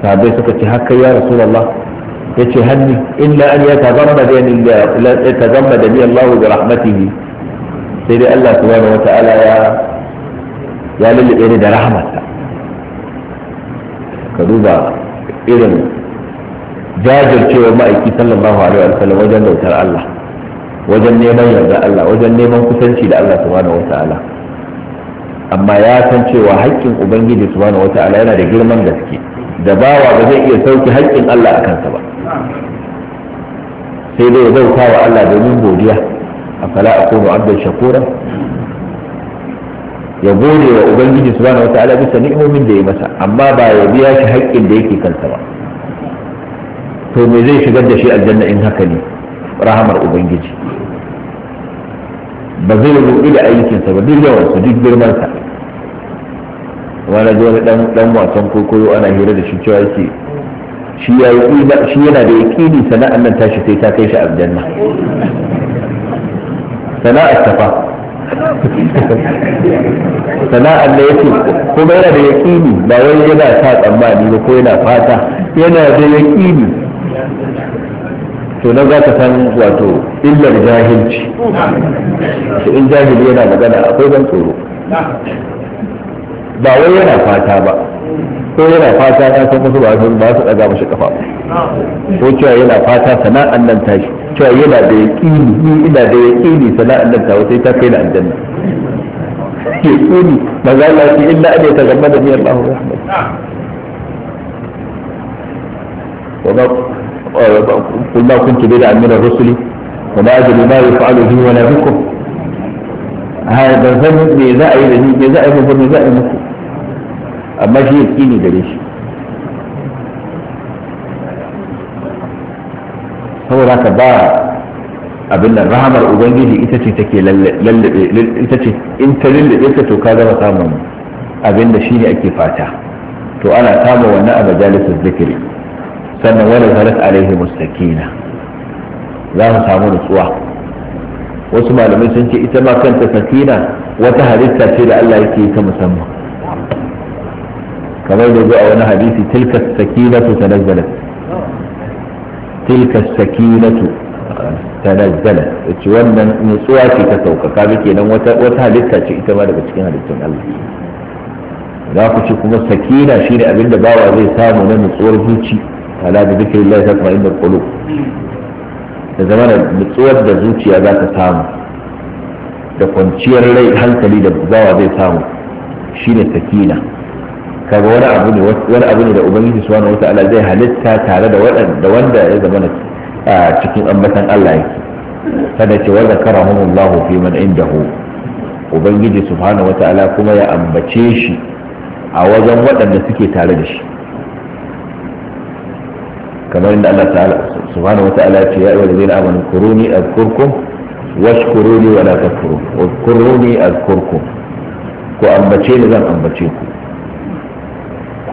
sahabbai suka ce haka ya rasulullah yace hanni illa an da ni Allah bi rahmatihi sai dai Allah subhanahu wata'ala ya ya lullube ni da rahmatsa ka duba irin jajircewa ma'aiki sallallahu alaihi wa sallam wajen bautar Allah wajen neman yarda Allah wajen neman kusanci da Allah subhanahu wata'ala amma ya san cewa haƙƙin ubangiji subhanahu wata'ala yana da girman gaske da bawa ba zai iya sauki haƙƙin Allah a kansa ba sai dai ya bauta wa Allah domin godiya afala akunu abdan shakura ya gode wa ubangiji subhanahu wataala bisa ni'imomin da ya masa amma ba ya biya shi haƙƙin da yake kansa ba to me zai shigar da shi aljanna in haka ne rahamar ubangiji ba zai rubuɗi da aikinsa ba duk yawan su duk girman wani ji wani dan wasan kokoyo ana hira da shi cewa yake shi yana da yaƙini sana'an nan tashi sai ta kai shi aljanna sana'ar tafa sana'ar da yake kuma yana da yaƙini ba wai yana sa tsammani ba ko yana fata yana da yaƙini to nan za ka san wato illar jahilci in jahili yana magana akwai ban tsoro ba wai yana fata ba ko yana fata ta san musu ba su ba su daga mashi kafa ko cewa yana fata sana'an nan tashi cewa yana da yaƙini ni ina da yaƙini sana'ar nan ta sai ta kai na aljanna ba za a lafi illa an ta gaba da niyyar Allah rahmat قل ما كنت بدعا من الرسل وما أدري ما يفعل به ولا بكم هذا ذنب me za a yi da ni me za a yi muku amma shi yaƙini gare shi saboda haka ba abin nan rahamar ubangiji ita ce take lallabe ita ce in ta lallabe ka to ka gama samun abin da shine ake fata to ana samun wannan a majalisar zikiri sannan wani zarat alaihi mustakina za mu samu nutsuwa wasu malamai sun ce ita ma kanta sakina wata halitta ce da Allah yake ta musamman kamar da zuwa wani hadisi tilka sakinatu tanazzalat tilka sakinatu tanazzalat yace wannan nutsuwa ce ta sauka kaga kenan wata halitta ce ita ma daga cikin halittun Allah za ku ci kuma sakina ne abinda bawa zai samu na nutsuwar zuci ala da zikrillah ta kuma inda qulub da zama da nutsuwar da zuciya za ta samu da kwanciyar rai hankali da bawa zai samu shine sakina kaga wani abu ne wani abu ne da ubangiji subhanahu wata'ala zai halitta tare da waɗanda wanda ya zama a cikin ambatan Allah yake kada ce wanda karahumullahu fi man indahu ubangiji subhanahu wata'ala kuma ya ambace shi a wajen waɗanda suke tare da shi kamar inda Allah ta'ala subhanahu wata'ala ce ya ayyuhal ladina amanu kuruni azkurkum washkuruni wala takfurun kuruni azkurkum ku ambace ni zan ambace ku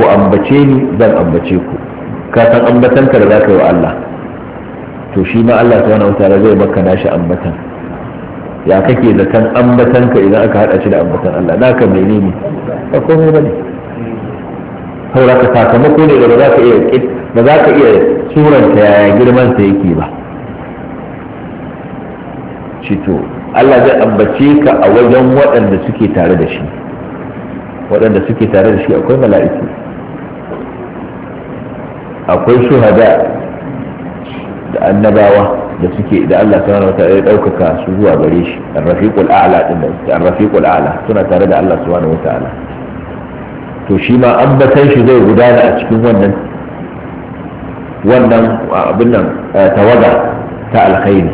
ku ambace ni zan ambace ku ka san ambatan ka da za ka yi wa Allah to shi ma Allah subhanahu wataala zai maka nashi ambatan ya kake da kan ambatanka idan aka hada shi da ambatan Allah naka menene ba komai bane saboda ka sakamako ne da ba za ka iya ba za ka iya suranta yaya girman sa yake ba shi to Allah zai ambace ka a wajen waɗanda suke tare da shi waɗanda suke tare da shi akwai mala'iku akwai shuhada da annabawa da suke da Allah subhanahu wa ta'ala ya daukaka su zuwa gare shi ar-rafiqul a'la din da ar-rafiqul a'la suna tare da Allah subhanahu wa ta'ala to shi ma ambatan shi zai gudana a cikin wannan wannan abin nan eh, tawaga ta alkhairi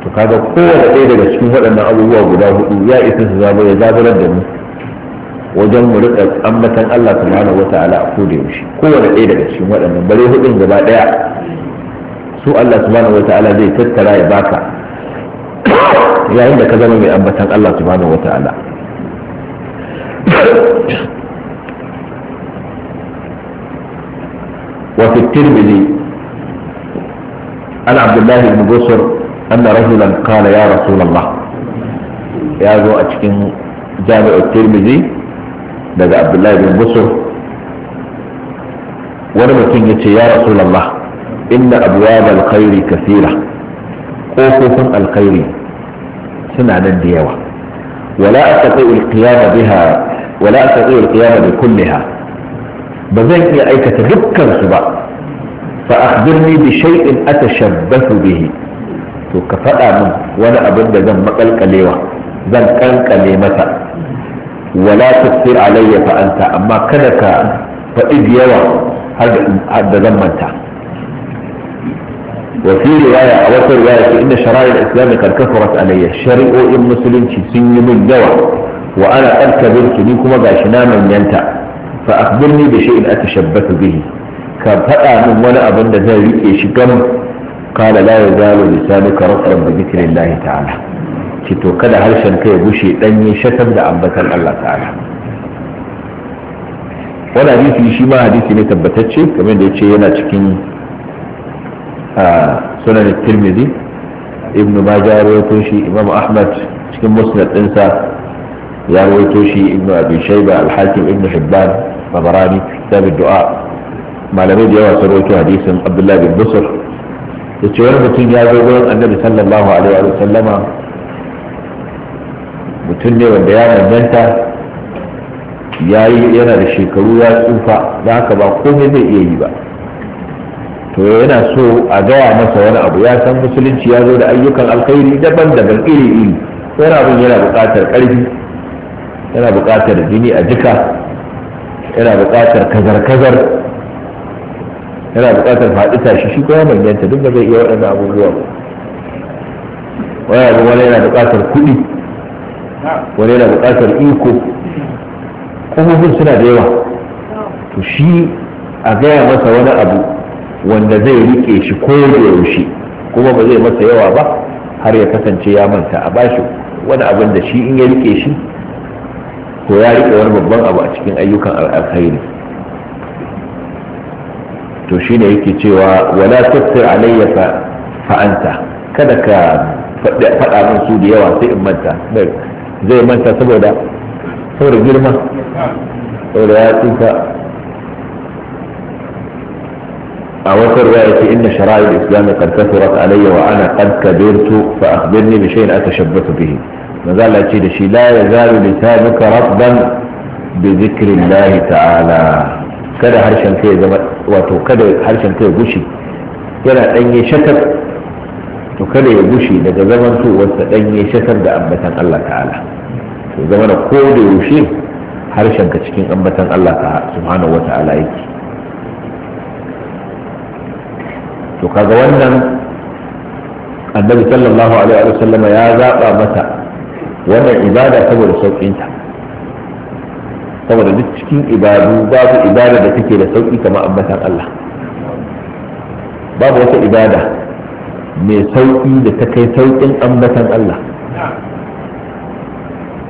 to kaga kowane ɗaya daga cikin waɗannan abubuwa guda hudu ya isa su zabo ya zaburar da mu wajen mu rika ambatan Allah subhanahu wata'ala a koda yaushe kowane ɗaya daga cikin waɗannan bare hudun gaba ɗaya su Allah subhanahu wata'ala zai tattara ya baka yayin da ka zama mai ambatan Allah subhanahu wata'ala وفي الترمذي عن عبد الله بن بصر أن رجلا قال يا رسول الله يا ذو أتكن جامع الترمذي daga abdullahi bin busur wani mutum ya ce ya rasulallah inna abuwa alkhairi kasira ƙofofin alkhairi suna nan da yawa wala astati alqiyama biha wala astati alqiyama bi kulliha ba zan iya aikata dukkan su ba fa akhbirni bi shay'in atashabbathu bihi to ka faɗa min wani abin da zan makalkalewa zan kankale masa ولا تكثر علي فأنت أما كنك فإذ يوى حد ذمنت وفي رواية أوصل رواية إن شرائع الإسلام قد كفرت علي الشريء إن مسلم تسيني من جوى وأنا أركبر كنيكما باشنا من ينتع فأخبرني بشيء أتشبث به كفأ من ولا أبن ذلك شكرا قال لا يزال لسانك رفعا بذكر الله تعالى ce to kada harshen ka ya bushe danye shatar da ambatan Allah ta'ala wani hadisi shi ma hadisi ne tabbatacce kamar da ya ce yana cikin sunan tirmidhi ibnu majah ya rawaito shi imam ahmad cikin musnad dinsa ya rawaito shi ibnu abi shayba al-hakim ibnu hibban tabarani kitab ad-du'a malamai da yawa sun rawaito hadisin abdullahi bin busr yace wani mutum ya zo gurin annabi sallallahu alaihi wa sallama mutum ne wanda ya manyanta ya yi yana da shekaru ya tsufa da haka ba komai zai iya yi ba to yana so a gaya masa wani abu ya san musulunci ya zo da ayyukan alkhairi daban-daban iri-iri wani abin yana buƙatar ƙarfi yana buƙatar jini a jika yana buƙatar kazar-kazar yana buƙatar faɗi tashi shi kuma manyanta duk ba zai iya waɗannan abubuwa ba wani abu wani yana buƙatar kuɗi wani yana buƙatar iko kuma suna da yawa to shi a gaya masa wani abu wanda zai rike shi ko da yaushe kuma ba zai masa yawa ba har ya kasance ya manta a bashi wani abin da shi in ya rike shi to ya rike wani babban abu a cikin ayyukan alkhairi to shi ne yake cewa wala tattar alayya fa'anta kada ka faɗa min su da yawa sai in manta zai manta saboda saboda girma saboda ya tsufa a wata ruwa ya ce inna shara'i islami islam qad kasurat alayya wa ana qad kabirtu fa akhbirni bi shay'in aka atashabbatu bihi maza Allah ce da shi la ya yazalu lisanuka rabban bi lahi ta'ala kada harshen kai zama wato kada harshen kai gushi yana danye shakar to kada ya gushi daga zaman tuwarsa danye shakar da ambatan Allah ta'ala ya zama da ko da yaushe harshen ka cikin ambatan Allah ka subhanahu wa ta'ala yake to kaga wannan annabi sallallahu alaihi wa sallam ya zaba mata wannan ibada saboda saukinta saboda duk cikin ibadu babu ibada da take da sauki kamar ambatan Allah babu wata ibada mai sauki da ta kai saukin ambatan Allah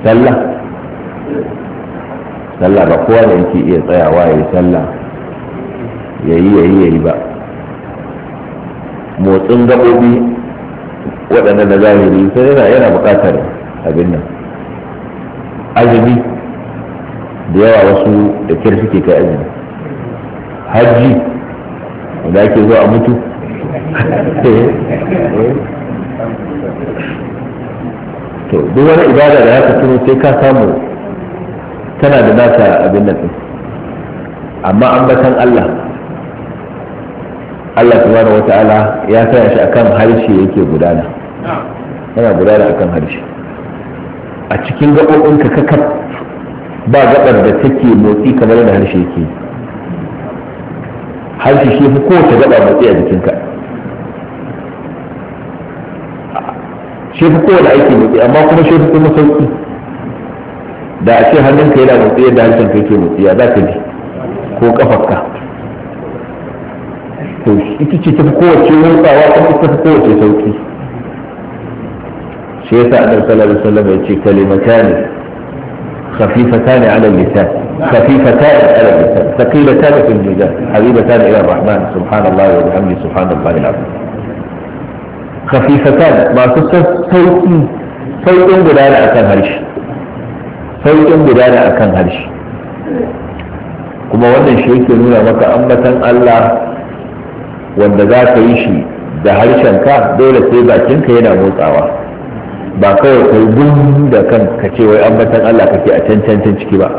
sallah sallah ba kowa da yake iya tsayawa ya yi sallah ya yi ya yi ya yi ba motsin gaɓoɓi waɗanda na zahiri sai yana yana buƙatar abin nan azumi da yawa wasu da kyar suke kai azumi hajji wanda ake zuwa a mutu eh. to duk wani ibada da haka tuno sai ka samu tana da nata abin nan din amma ambatan Allah Allah subhanahu wata'ala ya saya shi akan harshe yake gudana yana gudana akan harshe a cikin ka kakaf ba gaɓar da take motsi kamar yadda harshe yake harshe shi fi kowace gaɓa motsi a jikinka shi fi kowane aiki motsi amma kuma shi fi kuma sauki da a ce hannunka yana motsi yadda hancin ka yake motsi ya za ka ji ko kafarka to ita ce tafi kowace motsawa kuma ita tafi kowace sauki shi yasa annabi sallallahu alaihi wasallam ya ce kalimatani خفيفتان على اللسان خفيفتان على اللسان ثقيلتان في الميزان حبيبتان الى الرحمن سبحان الله وبحمده سبحان الله العظيم khafifatan masu sauki saukin gudana akan harshe saukin gudana akan harshe kuma wannan shi yake nuna maka ambatan Allah wanda za ka yi shi da harshenka dole sai bakinka yana motsawa ba kawai kai gun da kan ka ce wai ambatan Allah kake a can can ciki ba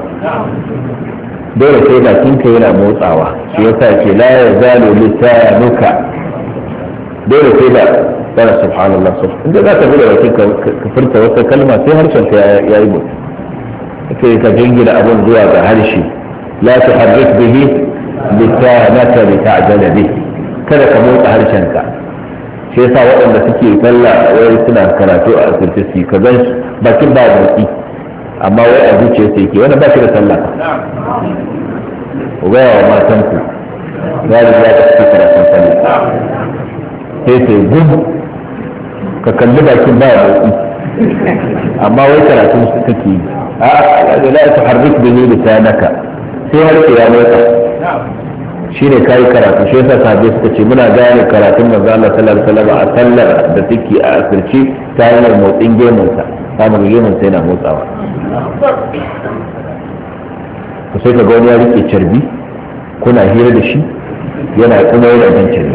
dole sai bakinka yana motsawa shi yasa ce la yazalu lisanuka dole sai ba kana subhanallah subhanallah inda za ta bude bakin ka furta wata kalma sai harshen ka ya yi mutu sai ka jingina abun zuwa ga harshe la tuharrik bihi lisanaka li ta'jala bihi kada ka motsa harshen ka shi yasa waɗanda suke sallah wai suna karatu a asirce su ka gan bakin ba motsi amma wai a zuciya sai ke wannan ba shi da sallah ku gaya wa matan ku galibi ya ga suke karatun sallah sai sai gudu ka kalli bakin ba ya motsi amma wai karatun su kake yi a da la ta harbi da ni da sanaka sai har ke ya shine kayi karatu shi yasa sahabbai suka ce muna gane karatun da Allah salar salama a sallar da take a asirci ta hanyar motsin gemunsa samun gemunsa yana motsawa ku sai ka ga wani ya rike carbi kuna hira da shi yana kuma yana jin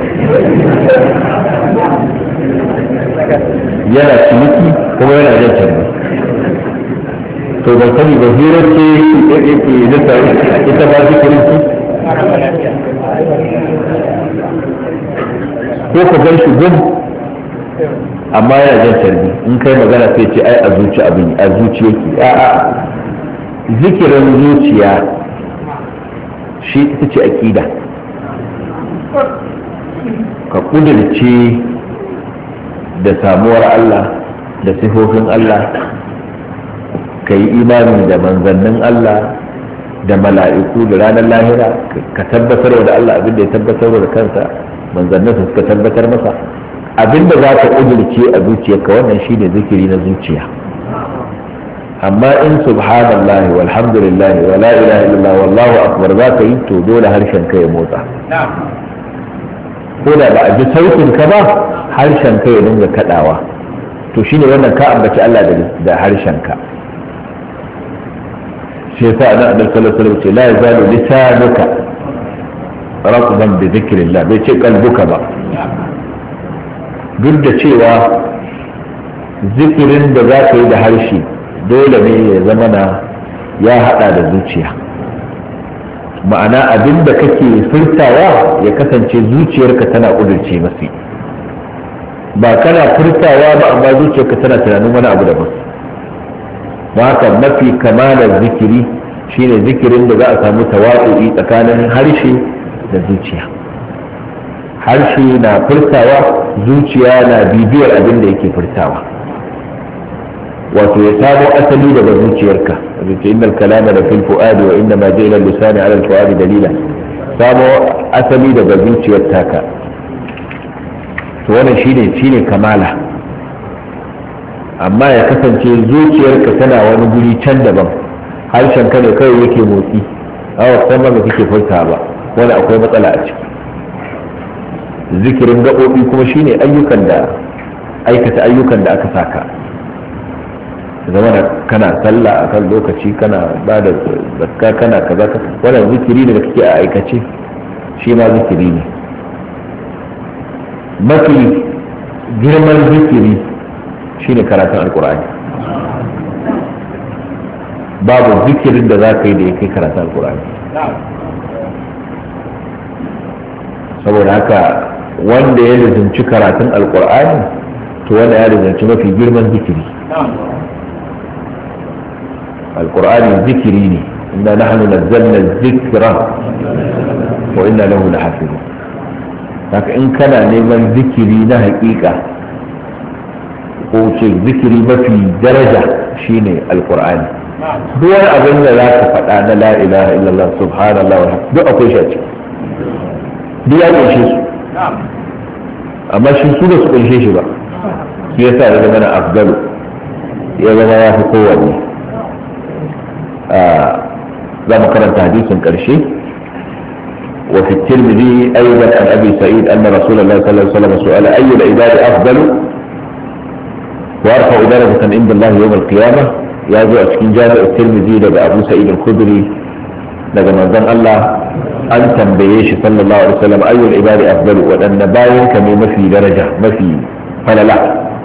yana ciniki kuma yana jan tarbi to ban sani ba hirar ce yake ke nasa ita ba zikirin su ko ka gan shi gum amma yana jan tarbi in kai magana sai ce ai a zuci abin a zuci yake a a zikirin zuciya shi ita ce ƙida ka ƙudurce da samuwar Allah da sifofin Allah ka yi imani da manzannin Allah da mala'iku da ranar lahira ka tabbatar da Allah abin da ya tabbatar da kansa manzannin su suka tabbatar masa abin da za ka ƙudurce a zuciyarka wannan shi ne zikiri na zuciya amma in subhanallah walhamdulillah wala ilaha illallah wallahu akbar za ka yi to dole harshen ka ya motsa ko da ba a ji sautin ka ba harshen ka ya dinga kadawa to shine wannan ka ambaci Allah da harshen ka shi yasa nan annabi sallallahu alaihi wasallam ce la yazalu lisanuka raqban bi dhikrillah bai ce kalbuka ba duk da cewa zikirin da za ka yi da harshe dole ne ya zama na ya hada da zuciya ma'ana abin da kake furtawa ya kasance zuciyarka tana ƙudurce masu ba kana furtawa ba amma zuciyarka tana tunanin wani abu daban ba haka mafi kamalar zikiri shine zikirin da za a samu tawatsu'i tsakanin harshe da zuciya harshe na furtawa zuciya na bibiyar abin da yake furtawa wato ya samo asali daga zuciyarka إن الكلام لفي الفؤاد وإنما جئنا اللسان على الفؤاد dalila samo asali daga zuciyar taka to wannan shine shine kamala amma ya kasance zuciyarka tana wani guri can daban harshen ka ne kawai yake motsi awa san ba kake furta ba wani akwai matsala a ciki zikirin gaɓoɓi kuma shine ayyukan da aikata ayyukan da aka saka zama da kana sallah a kan lokaci kana ba da zakka kana kaza ka wannan zikiri ne da kake a aikace shi ma zikiri ne mafi girman zikiri shine karatun alkur'ani babu zikirin da za ka yi da ya kai karatun alkur'ani saboda haka wanda ya lizinci karatun alkur'ani to wanda ya lizinci mafi girman zikiri alqur'ani zikiri ne inna nahnu nazzalna dhikra wa inna lahu lahafizun haka in kana neman zikiri na haƙiƙa ko ce zikiri mafi daraja shine alqur'ani duk wani abin da za ka faɗa na la ilaha illallah subhanallah wa duk akwai shi a ciki duk ya ƙunshe su amma shi su su ƙunshe shi ba yasa ya fi kowanne za mu karanta hadisin karshe وفي الترمذي أيضا عن أبي سعيد أن رسول الله صلى الله عليه وسلم سئل أي العباد أفضل وأرفع درجة عند الله يوم القيامة يا ذو أشكين جامع الترمذي لدى أبو سعيد الخدري لدى منظم الله أن تنبيش صلى الله عليه وسلم أي العباد أفضل وأن باين كم ما في درجة ما في فلا لا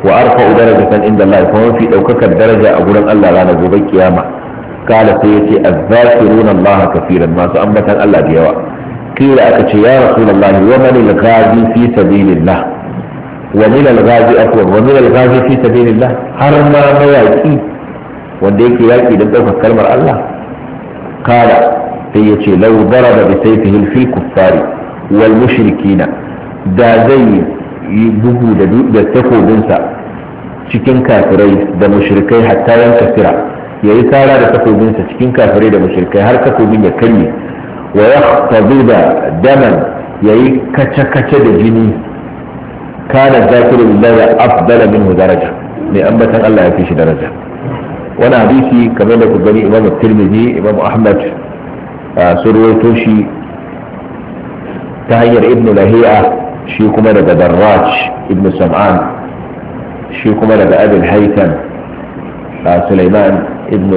وأرفع درجة عند الله فهو في أوكك الدرجة أقول الله لا نبوي القيامة kala sai yace azzakiruna Allah kafiran masu ambatan Allah da yawa kila aka ce ya rasulullahi wa man al-ghazi fi sabilillah wa min al-ghazi akwa wa min al-ghazi fi sabilillah har ma mayaki wanda yake yaki don ɗaukar kalmar Allah kala sai yace law daraba bi sayfihi fil kuffari wal mushrikina da zai yi bugu da takobinsa cikin kafirai da mushrikai hatta yanka sira ya yi tsara da takobinsa cikin kafirai da mashirkai har takobin ya kalli wa ya tabi da daman ya yi kace-kace da jini kana da ya afdala minhu daraja mai ambatan Allah ya fi shi daraja wani hadisi kamar da ku gani imam tirmidhi imam ahmad a rawaito shi ta hanyar ibnu lahiya shi kuma daga darraj ibnu sam'an shi kuma daga abin haitan a suleiman ibn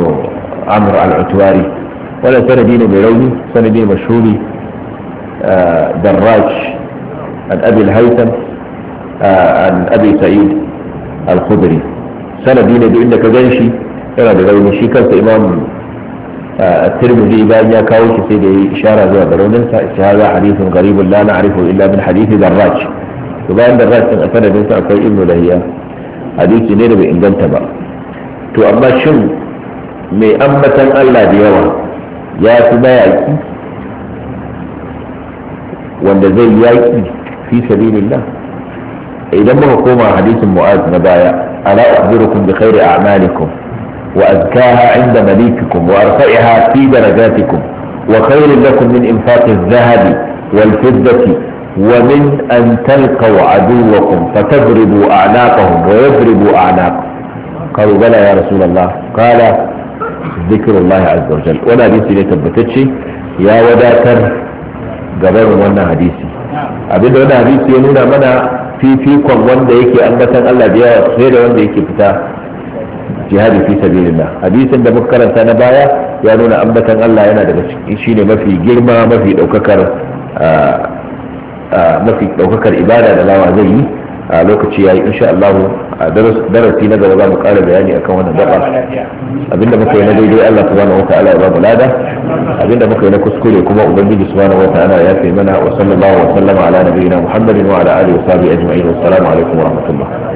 amr al-utwari wannan sanadi ne mai rauni sanadi mashhuri darraj an abi al an abi sa'id al-khudri sanadi ne duk inda ka gan shi yana da rauni shi kansa imam at-tirmidhi bayan ya kawo shi sai da yi ishara zuwa ga raunin sa shi hadha hadithun gharibun la na'rifu illa min hadithi darraj to bayan darraj din a sanadin sa akwai ibnu lahiya hadisi ne da bai inganta ba to amma shin mai ambatan Allah da yawa ya fi bayaki wanda zai yaki fi sabilillah idan muka koma hadisin mu'az na baya ala ukhbirukum bi khairi a'malikum wa azkaha 'inda malikikum wa arfa'iha fi darajatikum wa khairun lakum min infaqi adh-dhahabi wal fiddati wa ومن أن تلقوا عدوكم فتضربوا a'naqahum wa yadribu a'naqakum بلى يا رسول الله qala zikirullahi azzawajal wajal hadisi ne tabbatacce ya wadatar gaban wannan hadisi abinda wannan hadisi ya nuna mana fifikon wanda yake ambatan Allah da sai da wanda yake fita jihadi fi sabilillah hadisin da muka karanta na baya ya nuna ambatan Allah yana daga ciki shine mafi girma mafi daukakar mafi daukakar ibada da lawa zai yi a lokaci yayi insha Allah a darasi na gaba za mu kara bayani akan wannan gaba abinda muka yi na daidai Allah subhanahu wa ta'ala ya ba lada abinda muka yi na kuskure kuma ubangiji subhanahu wa ta'ala ya fi mana wa sallallahu wa sallama ala nabiyina muhammadin wa ala alihi wa sahbihi ajma'in assalamu alaikum wa rahmatullah